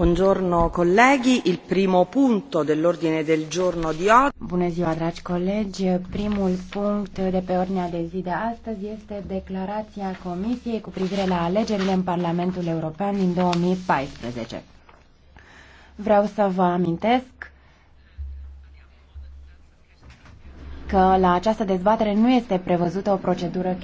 Bună ziua, colegi. Primul punct de pe ordinea de zi de astăzi este declarația Comisiei cu privire la alegerile în Parlamentul European din 2014. Vreau să vă amintesc că la această dezbatere nu este prevăzută o procedură